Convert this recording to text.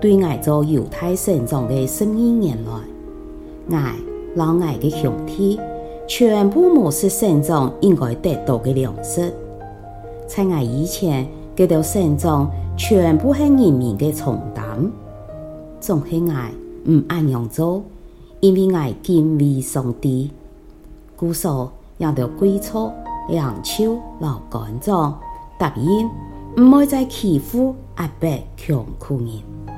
對挨做猶太神莊的十二年來，挨老挨的兄弟全部沒視神莊應該得到的糧食。在挨以前，嗰條神莊全部係人民的重擔。總係挨唔恁樣做，因為挨敬畏上帝。故說要着歸處，兩手老觀眾答應唔愛再欺負阿伯窮苦人。